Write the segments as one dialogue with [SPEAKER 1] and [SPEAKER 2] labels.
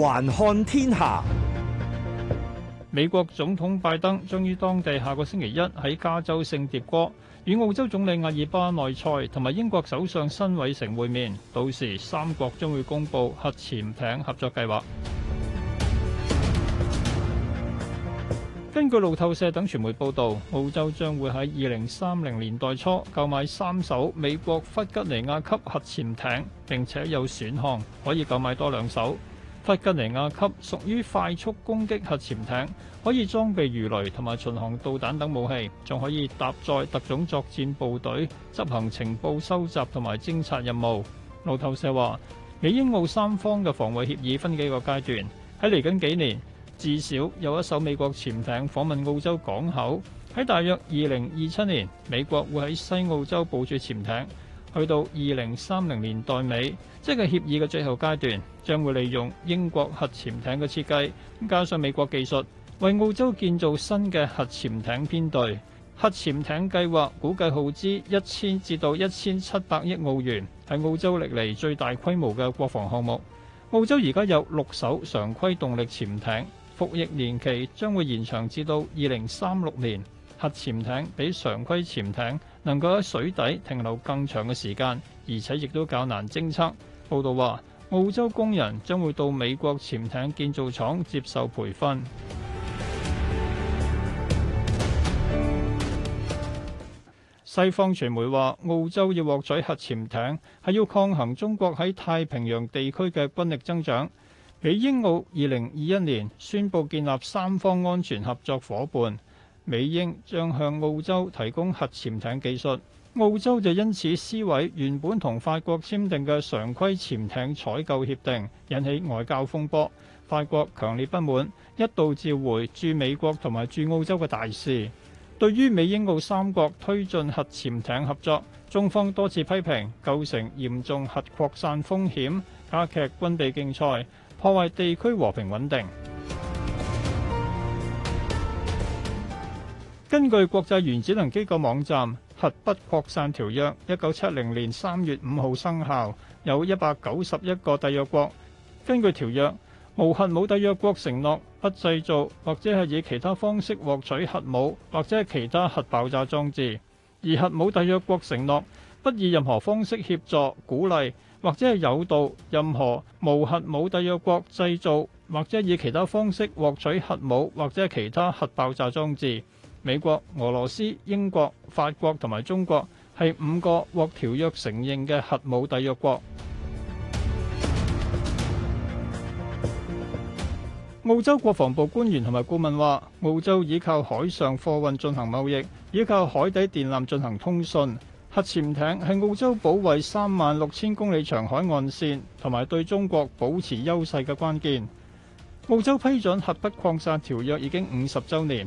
[SPEAKER 1] 環看天下，美國總統拜登將於當地下個星期一喺加州聖迭戈與澳洲總理阿爾巴內塞同埋英國首相辛偉誠會面，到時三國將會公布核潛艇合作計劃。根據路透社等傳媒報道，澳洲將會喺二零三零年代初購買三艘美國弗吉尼亞級核潛艇，並且有選項可以購買多兩艘。弗吉尼亞級屬於快速攻擊核潛艇，可以裝備魚雷同埋巡航導彈等武器，仲可以搭載特種作戰部隊執行情報收集同埋偵察任務。路透社話，美英澳三方嘅防衛協議分幾個階段，喺嚟緊幾年至少有一艘美國潛艇訪問澳洲港口，喺大約二零二七年，美國會喺西澳洲部署潛艇。去到二零三零年代尾，即係協議嘅最後階段，將會利用英國核潛艇嘅設計，加上美國技術，為澳洲建造新嘅核潛艇編隊。核潛艇計劃估計耗資一千至到一千七百億澳元，係澳洲歷嚟最大規模嘅國防項目。澳洲而家有六艘常規動力潛艇，服役年期將會延長至到二零三六年。核潛艇比常規潛艇能夠喺水底停留更長嘅時間，而且亦都較難偵測。報道話，澳洲工人將會到美國潛艇建造廠接受培訓。西方傳媒話，澳洲要獲取核潛艇係要抗衡中國喺太平洋地區嘅軍力增長。美英澳二零二一年宣布建立三方安全合作伙伴。美英將向澳洲提供核潛艇技術，澳洲就因此撕毀原本同法國簽訂嘅常規潛艇採購協定，引起外交風波。法國強烈不滿，一度召回駐美國同埋駐澳洲嘅大使。對於美英澳三國推進核潛艇合作，中方多次批評構成嚴重核擴散風險，加劇軍備競賽，破壞地區和平穩定。根據國際原子能機構網站，《核不擴散條約》一九七零年三月五號生效，有一百九十一個締約國。根據條約，無核武締約國承諾不製造或者係以其他方式獲取核武，或者係其他核爆炸裝置；而核武締約國承諾不以任何方式協助、鼓勵或者係誘導任何無核武締約國製造或者以其他方式獲取核武，或者係其他核爆炸裝置。美國、俄羅斯、英國、法國同埋中國係五個獲條約承認嘅核武締約國。澳洲國防部官員同埋顧問話：澳洲依靠海上貨運進行貿易，依靠海底電纜進行通訊，核潛艇係澳洲保衞三萬六千公里長海岸線同埋對中國保持優勢嘅關鍵。澳洲批准核不擴散條約已經五十周年。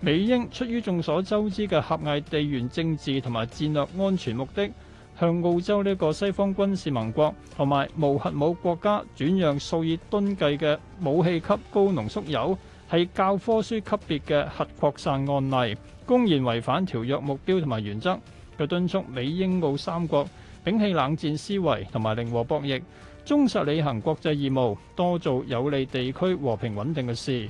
[SPEAKER 1] 美英出於眾所周知嘅狹隘地緣政治同埋戰略安全目的，向澳洲呢個西方軍事盟國同埋無核武國家轉讓數以噸計嘅武器級高濃縮鈾，係教科書級別嘅核擴散案例，公然違反條約目標同埋原則，佢敦促美英澳三國摒棄冷戰思維同埋零和博弈，忠實履行國際義務，多做有利地區和平穩定嘅事。